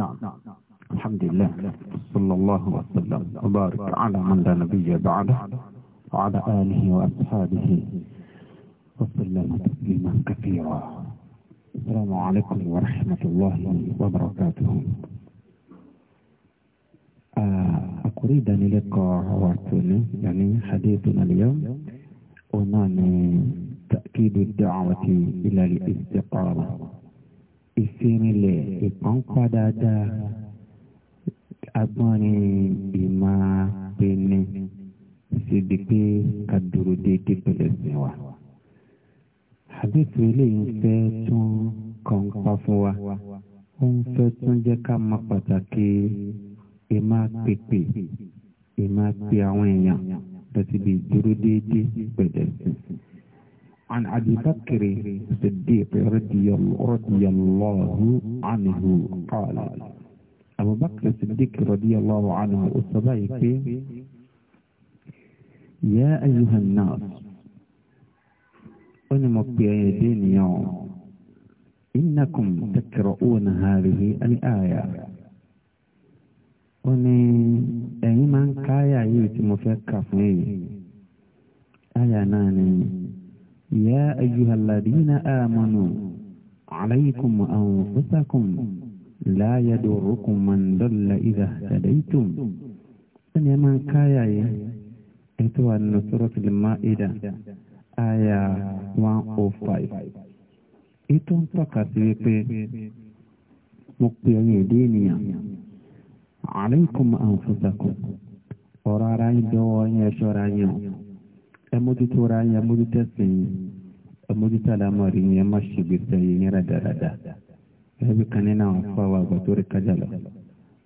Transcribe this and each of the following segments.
نعم،, نعم،, نعم الحمد لله صلى الله وسلم وبارك على من لا نبي بعده وعلى آله وأصحابه وسلم تسليما كثيرا السلام عليكم ورحمة الله وبركاته أريد آه، أن لقاء واتوني يعني حديثنا اليوم ونعني تأكيد الدعوة إلى الاستقامة fi rinlẹ̀ ìpọ́npá dáadáa agbọ́nrin ìmọ̀ pinni síbi pé ká dúró déédéé pẹ̀lẹ́ sí wa. àdéhùn eléyìí ń fẹ́ tún kọ̀ǹpa fún wa ó ń fẹ́ tún jẹ́ ká mọ pàtàkì ìmọ̀ pèpè ìmọ̀ pe àwọn èèyàn lọ síbi ìdúró déédéé pẹ̀lẹ́ sí عن أبي بكر الصديق رضي الله عنه قال أبو بكر الصديق رضي الله عنه أصبعك يا أيها الناس مبيعي يوم إنكم تكرؤون هذه الآية أني أيمن كايا يتمفكر فيه آية ناني يا أيها الذين آمنوا عليكم أنفسكم لا يدركم من ضل إذا اهتديتم أن من كايا إتوى النصرة المائدة آية 105 إتوى فقط مقبلين دينيا عليكم أنفسكم ورارين دوانيا شرانيا ẹ mójútó ra yín ẹ mójútó ẹ̀sìn yín ẹ mójútó àlámọ̀rí yín ẹ má ṣe gbèsè yín yín rádaràdà ẹbí kan nínú àwọn afọ àwọn àgbà tó rí kájà lọ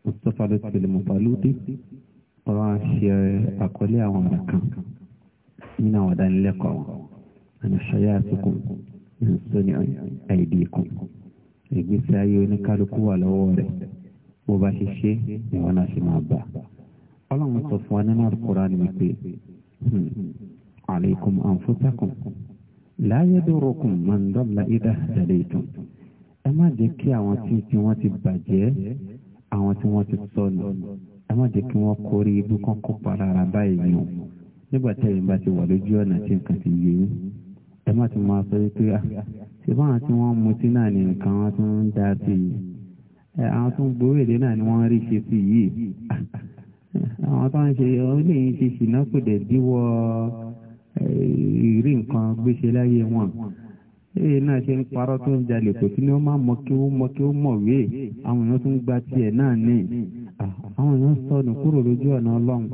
Mustapha ló ti lè mọ balódé ọ̀rọ̀ ṣe àkọlé àwọn ọ̀rọ̀ kan nínú àwọn ìdánilẹ́kọ̀ọ́ wọn àná ṣayá àtúkùn nsọ́ni àìdíkùn ìgbésí ayé oníkálukú wà lọ́wọ́ rẹ̀ bó bá ṣe ìwọ náà ṣe máa bá ọlọ́run sọ fún wa nínú àkùrá ni wípé hmm, عليكم أنفسكم لا يدركم من ضل إذا اهتديتم ẹ má jẹ́ kí àwọn tí tí wọ́n ti bàjẹ́ àwọn tí wọ́n ti sọnù ẹ má jẹ́ kí wọ́n kórí ibú kan kópa rárá báyìí o nígbà tẹ́yìn bá ti wà lójú ọ̀nà tí nǹkan ti yé yín ẹ má ti máa sọ pé ìrí nǹkan gbéṣe láyé wọn èyí náà ṣe ń parọ́ tó ń jalè kò sí ni wọ́n máa mọ kí ó mọ kí ó mọ̀wé àwọn èèyàn tó ń gba tiẹ̀ náà ní àwọn èèyàn sọnù kúrò lójú ọ̀nà ọlọ́run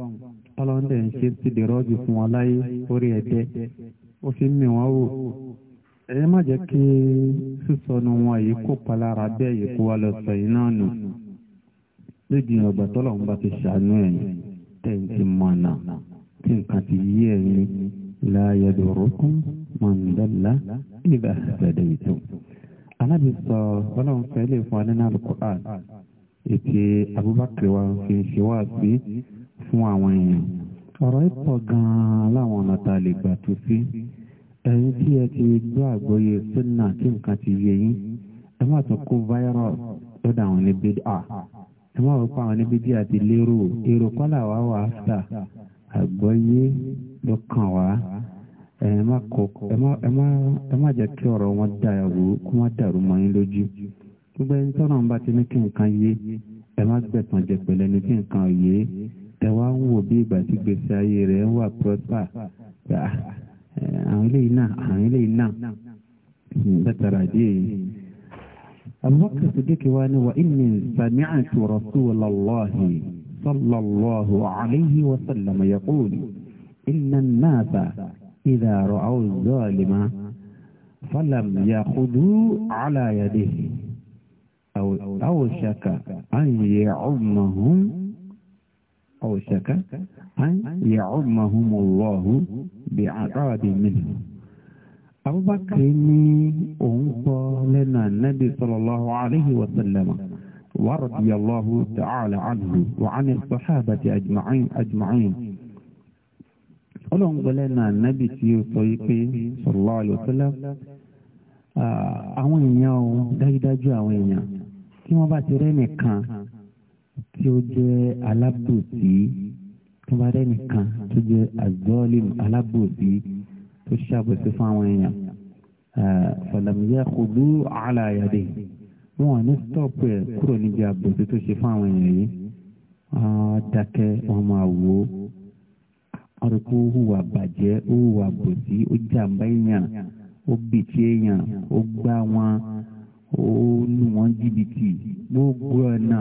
ọlọ́run dẹ̀ ń ṣe ti dèrò ọ̀jù fún wọn láyé orí ẹ̀dẹ́ ó fi ń mì wọ́n wò ẹ̀yẹ́ má jẹ́ kí sísọnù wọn yìí kó palára bẹ́ẹ̀ yìí kó wa lọ sọ yìí náà nù lójú ọgbà tọ́lọ́run bá ti ṣàánú ẹ̀yìn tẹ̀ ń ti mọ̀nà tí nǹkan ti yí ẹ̀yìn la yadurukum man dalla idha hadaytum anabi sọ ọlọ́run fẹ́ lè fún adé náà Al-Qur'an ètè abubakar wa fi ṣe wá sí fún àwọn èèyàn ọ̀rọ̀ ìpọ̀ gan-an láwọn ọ̀nà tá a lè gbà tó sí ẹ̀yin tí ẹ ti gbọ́ àgbọ́yé sunna tí nǹkan ti yé yín ẹ má tún kó virus lọ́dọ̀ àwọn oníbídà ẹ má wọ́pọ̀ àwọn oníbídà ti lérò èrò kọ́là wà wà áfíà àgbọ́yé ló kàn ẹ má jẹ́ kí ọ̀rọ̀ wọn dàrú kó má dàrú mọ́ yín lójú gbogbo ẹni tọ́nà ń bá ti ní kí nǹkan yé ẹ má gbẹ̀tàn jẹ pẹ̀lẹ́ ní kí nǹkan yé ẹ wá ń wò bí ìgbà tí gbèsè ayé rẹ̀ ń wà ah, àwọn náà àwọn náà Abubakar wa ni wa صلى الله عليه وسلم يقول إن الناس إذا رأوا الظالم فلم يأخذوا على يده أو أوشك أن يعمهم أوشك أن يعمهم الله بعقاب منه أبو بكر أنصى لنا النبي صلى الله عليه وسلم ورضي الله تعالى عنه وعن الصحابة أجمعين أجمعين ọlọ́run gbọ́lẹ́ náà صلى الله عليه وسلم yí pé sọ̀rọ̀lá àlùsọ́lá àwọn èèyàn ò dájúdájú àwọn èèyàn tí wọ́n bá ti rẹ́nìkan tí ó jẹ́ alábòsí tó bá rẹ́nìkan tó jẹ́ azọ́ọ̀lìm alábòsí tó ṣàbòsí fún àwọn èèyàn fọlọ́mùyẹ́ kò dúró àlàyé wọn ò ní stọ́ọ̀pù ẹ̀ kúrò níbi àbòsí tó ṣe fún àwọn èèyàn yìí dákẹ́ wọn máa wò ó arúgbó hùwà bàjẹ́ ó hùwà bòsí ó jàǹbá èèyàn ó bìtì èèyàn ó gbá wọn ó lù wọ́n jìbìtì gbogbo ọ̀nà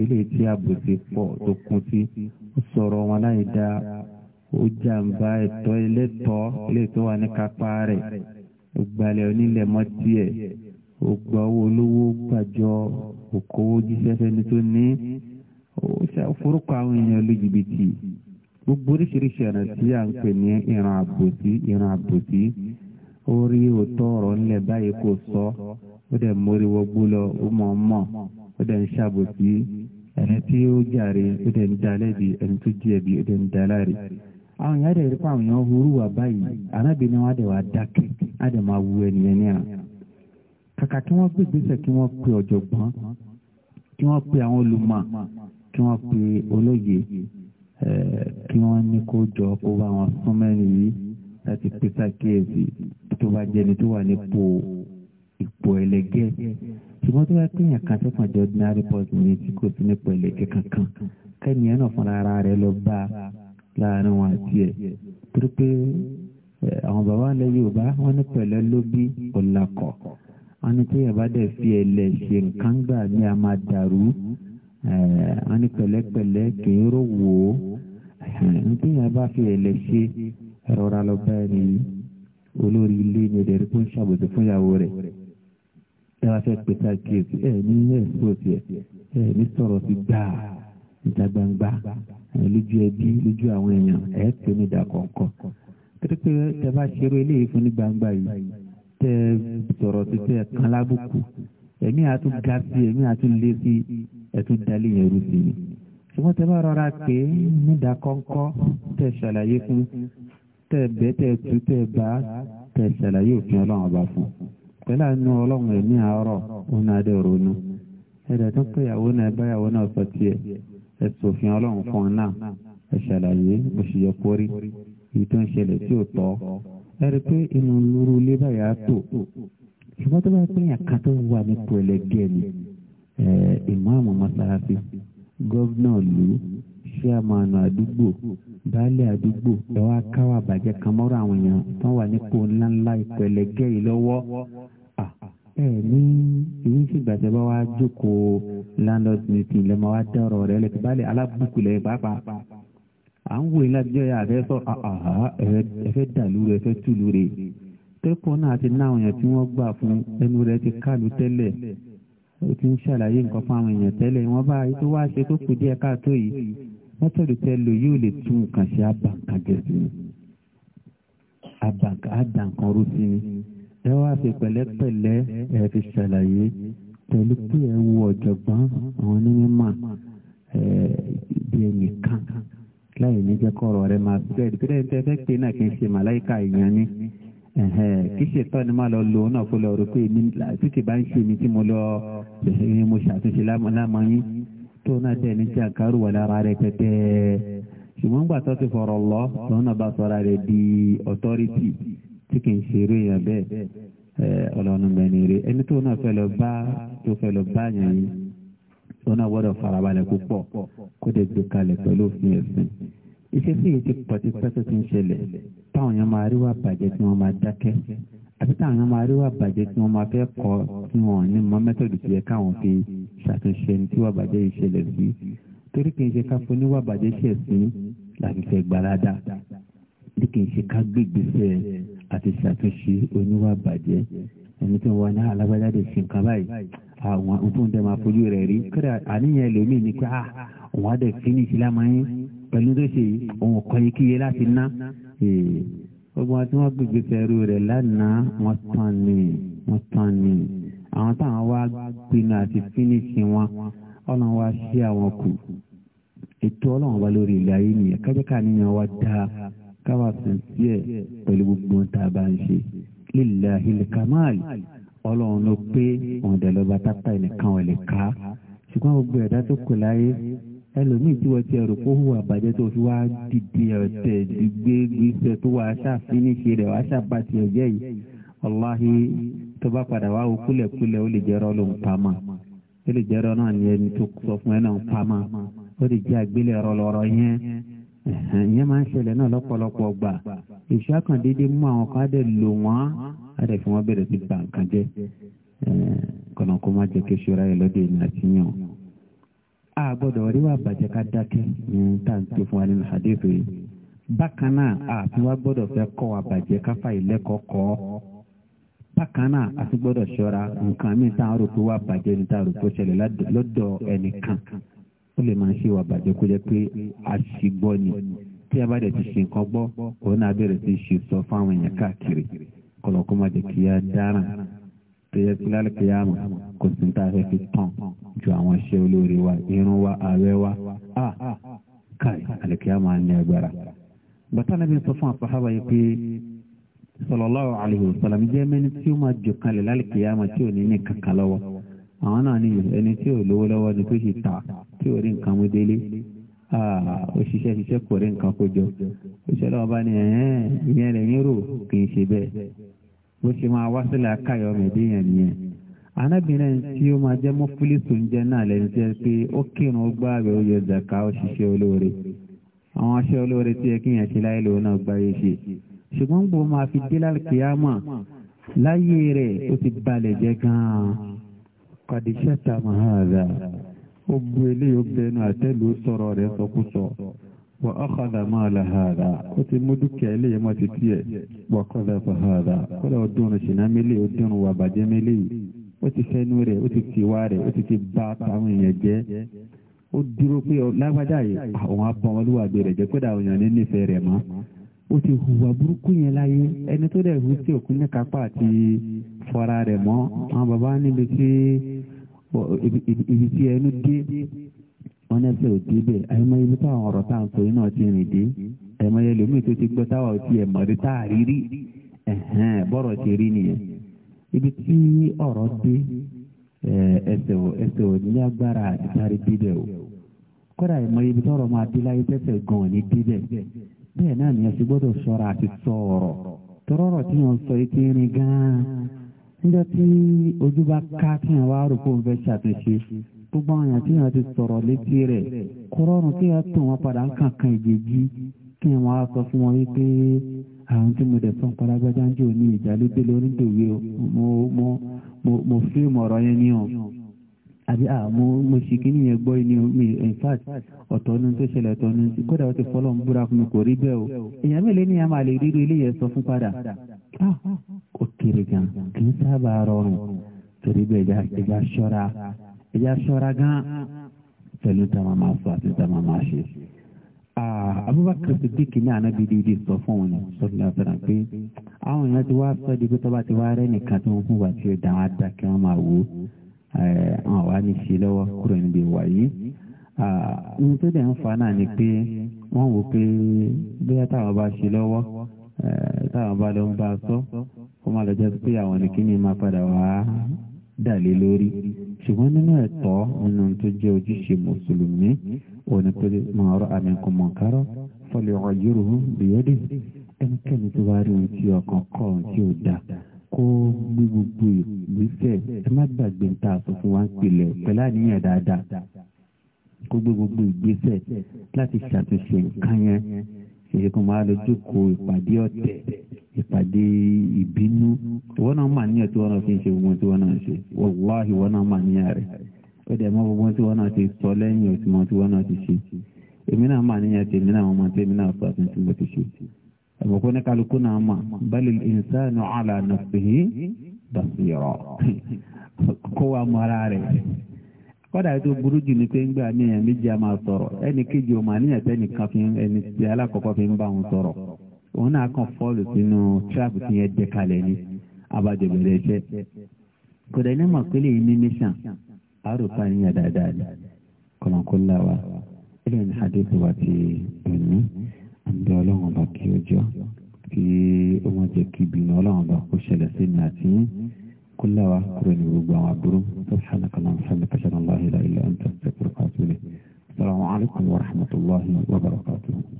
eléyìí tí àbòsí pọ̀ tó kún sí ó sọ̀rọ̀ wọn láì dá ó jàǹbá ẹ̀tọ́ ẹlẹ́tọ́ eléyìí tó wà ní kápá rẹ̀ ó gbalẹ̀ onílẹ̀ mọ́tì ẹ̀ ògbà owó olówó gbàjọ òkòwò jíṣẹ́ fẹ́ni tó ní forúkọ àwọn èèyàn ló jìbìtì gbogbo oríṣiríṣi ọ̀nà tí à ń pè ní ìran àbòsí ìran àbòsí ó rí òótọ́ ọ̀rọ̀ ńlẹ̀ báyìí kò sọ ó dẹ̀ mórí wọgbó lọ ó mọ̀ ọ́n mọ̀ ó dẹ̀ ń ṣàbòsí ẹni tí ó jàre ó dẹ̀ ń da lẹ́bi ẹni tó jẹ̀bi ó dẹ̀ ń da láre àwọn èèyàn dẹ̀ àwọn èèyàn hurú wà báyìí anábìnrin kàkà kí wọ́n gbé gbèsè kí wọ́n pe ọ̀jọ̀gbọ́n kí wọ́n pe àwọn olùmọ̀ kí wọ́n pe olóye kí wọ́n ní kó jọ kó bá wọn sún mẹ́rin yìí láti pè sàkíyèsí tó bá jẹni tó wà nípò ipò ẹlẹgẹ́ ṣùgbọ́n tó bá kéèyàn kan sẹ́kàn jẹ́ ordinary person ní tí kò sí nípò ẹlẹgẹ́ kankan kẹ́ni ẹ̀ náà fúnra ara rẹ̀ lọ bá láàrin wọn àti ẹ̀ torí pé àwọn bàbá ilẹ̀ Yorùbá wọn ní pẹ̀lẹ́ ló bí Ani ní téèyàn bá dẹ̀ fi ẹ̀lẹ̀ ṣe nǹkan gbà ní a máa dàrú wọ́n ní pẹ̀lẹ́pẹ̀lẹ́ kì í rò wò ó ní téèyàn bá fi ẹ̀lẹ̀ ṣe rọra lọ báyìí ni olórí ilé ni ẹ̀dẹ̀ rí kó ń ṣàbòsí fún ìyàwó rẹ̀ ẹ wá fẹ́ pèsè àkíyèsí ẹ ní ẹ̀sọ́ọ̀sì ẹ ní sọ̀rọ̀ sí gbàá ìta gbangba lójú ẹbí lójú àwọn èèyàn ẹ̀ pé ní ìdàkọ̀ọ̀kọ̀ torí pé ẹ bá ṣeré eléyìí fún ní gbangba yìí tẹ sọ̀rọ̀ sí tẹ kan lábùkù ẹ̀mí àti ga sí ẹ̀mí àti lé sí ẹ̀tún dalẹ̀ yẹn rú sí ni. ṣùgbọ́n tẹ bá rọra pé nídà kọ́ńkọ́ tẹ ṣàlàyé fún tẹ bẹ́ tẹ tú tẹ bá tẹ ṣàlàyé òfin ọlọ́run ọba fún. pẹ̀lú àánú ọlọ́run ẹ̀mí àárọ̀ òun adé ronú. ẹ̀dẹ̀ tó pé ìyàwó náà báyàwó náà sọ tiẹ̀ ẹ̀ sòfin ọlọ́run fún ọ náà ẹ̀ ṣàlàyé òṣìyẹ kórí èyí ń ṣẹlẹ̀ tí ò tọ́ ẹ̀rí pé inú lóru ilé báyà tó ṣùgbọ́n tó bá pín yàtọ̀ tó wà ní pẹ̀lẹ́ ni ìmáàmù mọ́sálásí gọ́vnà lù ṣíàmánu àdúgbò baálé àdúgbò ẹ wá káwá bàjẹ́ kan mọ́rọ̀ àwọn èèyàn tó wà nípò ńláńlá ìpẹ̀lẹ́ gẹ́ yìí lọ́wọ́ ẹ ní ìwé ìṣègbàjẹ́ bá wá jókòó landlord meeting lẹ́mọ̀ wá dẹ́rọ̀ rẹ̀ lẹ́tí baálé alábùkù lẹ́yìn pàápàá à ń wò yín láti jẹ́ àfẹ́ sọ àhà ah, ah, ah, ẹ̀fẹ́ dàlú rẹ̀ ẹ̀fẹ́ tùlù rẹ̀ tẹ́pọ̀ náà ti ná àwọn èèyàn tí wọ́n gbà fún ẹnu rẹ̀ ti kálù tẹ́lẹ̀ ó ti ń ṣàlàyé nǹkan fún àwọn èèyàn tẹ́lẹ̀ wọ́n bá ètò wá ṣe tó kù díẹ̀ káàtó yìí mẹ́tọ̀dù tẹ́ lò yóò lè tún nǹkan ṣe àbàǹkà jẹ ni àbàǹkà àdàǹkan rú sí ni ẹ wá fi pẹ̀lẹ́pẹ̀lẹ́ ẹ fi ṣàlàyé pẹ̀lú pé ẹ wo ọ̀jọ̀gbọ́n àwọn onímọ̀ ẹ bí ẹnìkan láì ní jẹ́ kọ́rọ̀ rẹ̀ máa bẹ́ẹ̀ dípẹ́ ní tẹ́fẹ́ pé náà kì í ṣe màláìka èèyàn ni kì í ṣe tọ́ ni máa lọ lò ó náà kó lọ rò pé tí kì bá ń ṣe mi tí mo lọ ṣẹ̀ṣẹ̀ eh, mo ṣàtúnṣe lámọ́yín tó náà dẹ̀ ní jàǹkárù wà lára rẹ̀ pẹ́pẹ́ ṣùgbọ́n gbà tó ti fọ̀rọ̀ lọ lọ́n náà bá sọ̀rọ̀ rẹ̀ di ọ̀tọ́rìtì tí kì í ṣe eré èèyàn bẹ́ẹ̀ ọlọ́run mẹ́rin rẹ̀ ẹni tó náà fẹ́ lọ bá tó fẹ́ lọ bá yẹn yìí sọ́nà gbọ́dọ̀ farabalẹ̀ púpọ̀ kó dẹ̀ gbé kalẹ̀ pẹ̀lú òfin ẹ̀sìn. iṣẹ́ sì ti pọ̀ tí pẹ́tọ́ ti ń ṣẹlẹ̀ táwọn èèyàn máa rí wà bàjẹ́ tí wọ́n máa dákẹ́ àbí táwọn èèyàn máa rí wà bàjẹ́ tí wọ́n máa fẹ́ kọ́ tí wọ́n ní mọ mẹ́tọ̀dù tí yẹ káwọn fi ṣàtúnṣe tí wà bàjẹ́ yìí ṣẹlẹ̀ sí torí kì í ṣe ká fún níwà bàjẹ́ ṣẹ̀ sí láti fẹ́ gbalada bí kì í ṣe ká gbégbèsè àti ṣàtúnṣe oníwà bàjẹ́ ẹni tí wọ́n ní alágbájáde ṣe nǹkan báyìí àwọn òtún tẹ máa fojú rẹ̀ rí kódà àníyàn ẹlòmíì ni pé ah, òun á dẹ̀ finish lámàáyín pẹ̀lú tó ṣe òun kọ́ yìí kíyè láti ná gbogbo àti wọn gbègbè fẹrù rẹ̀ lánàá wọn tán ni wọn tán ni àwọn táwọn wá pinnu àti finish wọn ọlọ́run wá sí àwọn kù ètò ọlọ́run wá lórí ilé ayé nìyẹn kájẹ́ká níyàn wá dáa káwá sùn sí ẹ̀ pẹ̀lú gbogbo ohun tá a bá ń ṣe lílàhílì kàmáàlì ọlọ́run ló pé òun dẹ̀ lọ́ba tápá ẹnìkan ò lè ká ṣùgbọ́n gbogbo ẹ̀dá tó kù láyé ẹlòmíì tí wọ́n ti ẹ̀rù kó hùwà bàjẹ́ tó fi wá dìde ọ̀tẹ̀ dìgbé gbèsè tó wà ṣàfíníṣe rẹ̀ wá ṣàbàtì ọ̀jẹ́ yìí ọláhi tó bá padà wá wò kúlẹ̀kúlẹ̀ ó lè jẹ́rọ ló ń pamọ́ ó lè jẹ́rọ náà ní ẹni tó sọ fún ẹ náà ń pamọ́ ó lè jẹ́ àgbélẹ̀rọ lọ́rọ̀ yẹn ìyẹn máa ń ṣẹlẹ̀ náà lọ́pọ̀lọpọ̀ gbà ìṣá kan mú àwọn kan á lò wọ́n á dẹ̀ fi bẹ̀rẹ̀ sí ba nǹkan jẹ́ kọ̀nà kó má jẹ́ kí ṣọ́ra ènìyàn ti yàn. a gbọ́dọ̀ bàjẹ́ ká dákẹ́ tá à ń tó fún wa nínú yìí. bákan náà àti wá gbọ́dọ̀ fẹ́ kọ́ wa bàjẹ́ ká fà kọ́ bákan náà àti gbọ́dọ̀ ṣọ́ra nǹkan mi tá à ń ó lè máa ṣe wà bàjẹ́ kó jẹ́ pé àṣìgbọ́ ni tí a bá dẹ̀ ti ṣe nǹkan gbọ́ òun náà bẹ̀rẹ̀ sí ṣe sọ fáwọn èèyàn káàkiri kọlọ́kọ́ má jẹ́ kí á dáràn tó yẹ kí lálẹ́kẹ́ yá mọ̀ kò sí ní tá a fẹ́ fi tàn ju àwọn iṣẹ́ olóore wa irun wa ààrẹ wa a káì àlẹ́kẹ́ yá máa ní agbára. bàtà nàbí sọ fún àpáhábà yìí pé sallallahu alaihi wasallam jẹ́ mẹ́ni tí ó máa jò kalẹ̀ lálẹ́kẹ́ yá mọ̀ tí ò ní ní kankan lọ́wọ́ àwọn náà ní ẹni tí ò lówó lọ́wọ́ ni tó ṣe ta tí ò rí nǹkan mú délé òṣìṣẹ́ ṣiṣẹ́ kò rí nǹkan kó jọ òṣìṣẹ́ lọ́wọ́ bá ní ẹ̀hẹ́n ìyẹn rẹ̀ ní rò kì í ṣe bẹ́ẹ̀ bó ṣe máa wá sílẹ̀ akáyọ̀ mẹ̀dé yẹn nìyẹn anábìnrin tí ó máa jẹ́ mọ́fúlísù ń jẹ́ náà lẹ́nu jẹ́ pé ó kírun gbáàbẹ̀ ó yọ zàká òṣìṣẹ́ olóore àwọn aṣẹ́ olóore tí ẹ kí yẹn ṣe láyé lòun náà gbáyé ṣe ṣùgbọ́n gbogbo máa fi dé lálùkìyàmọ̀ láyé rẹ̀ ó ti balẹ̀ jẹ́ gan-an kàdíṣẹ́ tàmáhàdà gbogbo eléyìí ó bẹnu àtẹ́lù sọ̀rọ̀ rẹ̀ sọkúsọ wà ákàdà máa la hàdà ó ti mú dúkìá eléyìí má ti tiẹ̀ wà kọ́dà fà hàdà kọ́dà ó dùn ṣìnà mélé ó dùn wà bàjẹ́ mélé yìí ó ti fẹ́nu rẹ̀ ó ti tiwa rẹ̀ ó ti ti bá táwọn èèyàn jẹ́ ó dúró pé lágbájá yìí àwọn abọ́mọlúwàgbé rẹ̀ jẹ́ kódà òyàn ní nífẹ̀ẹ́ rẹ̀ mọ́ ó ti hùwà burúkú yẹn láyé ẹni tó dẹ̀ hù sí òkú ní kápá àti fọ́ra rẹ̀ mọ́ àwọn bàbá níbi tí ibi tí ẹnu dé wọn náà ṣe òdì bẹ́ẹ̀ àyẹmọ ibi táwọn ọ̀rọ̀ tá à ń sọ yìí náà ti rìn dé àyẹmọ yẹn lómi tó ti gbọ́ táwọn ti ẹ mọdé tá a rí rí bọ́rọ̀ ti rí nìyẹn ibi tí ọ̀rọ̀ dé ẹsẹ̀ ò ẹsẹ̀ ò ní agbára àti sáré bíbẹ̀ o kódà ìmọ̀ ibi tọ́rọ̀ máa dé láyé tẹ́sẹ̀ gan ní bíbẹ̀ bẹ́ẹ̀ náà nìyẹn ti gbọ́dọ̀ ṣọ́ra àti sọ ọ̀rọ̀ tọ́rọ̀rọ̀ tí wọ́n sọ ètò irin gan-an níjọ́ tí ojú bá ká kí wọ́n wá rò pé òun fẹ́ ṣàtúnṣe gbogbo àwọn àti àwọn ti sọ̀rọ̀ létí rẹ̀ kọ́rọ́rùn kí wọ́n tó wọn padà ń kankan ìjèjì kí wọ́n á sọ fún wọn wípé àwọn tí mo dẹ̀ fún palágbájá ń jò ní ìjálódé lórí ìdòwe mo fíìmù ọ̀rọ̀ yẹn ní o àbí à mo mo sì kí nìyẹn gbọ́ ní mi in fact ọ̀tọ̀ ní tó ṣẹlẹ̀ ọ̀tọ̀ ní kódà ó ti fọlọ́ ń búra fún mi kò rí bẹ́ẹ̀ o èèyàn mélòó ni a máa lè rí irú ilé sọ fún padà. Ah, ó kéré gan kì í sábà rọrùn torí bẹ́ẹ̀ ẹja ṣọ́ra ẹja ṣọ́ra gan pẹ̀lú táwọn máa sọ àti táwọn máa ṣe. Abubakar Siddiq ní ànábi dídí sọ fún òun sọ́dún àtàrà pé àwọn èèyàn ti wá sọ di pé tọ́ba ti wá rẹ́ nìkan tó ń hùwà tí ó dàn á dá kí wọ́n máa wò ó àwọn wá ní ṣe lọ́wọ́ kúrò níbi ìwà Ohun tó dẹ̀ ń fa náà ni pé wọ́n wò pé bóyá táwọn bá ṣe lọ́wọ́ táwọn bá lọ ń bá a sọ má lọ jẹ́ pé àwọn nìkíní máa padà wá dàlé lórí ṣùgbọ́n nínú ẹ̀tọ́ nínú tó jẹ́ ojúṣe mùsùlùmí òní pé máa rọ àmì kò mọ̀ kárọ́ fọlẹ̀ ọ̀rọ̀ yòrò bìyẹ́dì ẹnikẹ́ni tó bá rí ohun tí ọkàn kọ́ ohun tí ó dáa kó gbé gbogbo ìgbésẹ̀ ẹ má gbàgbé ń ta àsọ fún wa ń pilẹ̀ pẹ̀lú àníyàn dáadáa kó gbé gbogbo ìgbésẹ̀ láti ṣàtúnṣe nǹkan yẹn kìí kún máa lọ jókòó ìpàdé ọ̀tẹ̀ ìpàdé ìbínú wọn náà mà níyà tí wọn náà fi ń ṣe gbogbo tí wọn náà ṣe wàláhì wọn náà mà níyà rẹ̀ ó dẹ̀ mọ́ gbogbo tí wọn náà ti sọ lẹ́yìn òtí tí wọn náà ti ṣe èmi náà mà níyà tí èmi náà mọ́ tí èmi náà sọ àti tí mo ti ṣe àbùkù ní kálukú náà mà balil insanu ala nafsihi basira kó wa mọ ara rẹ̀ kọ́dà tó burú jù ní pé ń gbà ní ẹ̀mí jẹ́ máa sọ̀rọ̀ ẹnì kejì ọmọ àníyàn tẹ́nì kan fi ẹni tí alákọ̀ọ́kọ́ fi ń bá wọn sọ̀rọ̀ òun náà kàn fọ́ọ̀lù sínú tíráàpù tí yẹn jẹ́ kalẹ̀ ní abájọ bẹ̀rẹ̀ iṣẹ́ kódà iná mọ̀ pé lèyìn ní mission àròpá níyàn dáadáa ni kọ̀lọ̀kọ̀lá wa ẹlẹ́yìn wa ti ẹ̀mí àǹdí ọlọ́run ọba kí ọjọ́ kí ó كل واحد يقول عبدالله سبحانك الله سبحانك الله لا إلا أنت السلام عليكم ورحمة الله وبركاته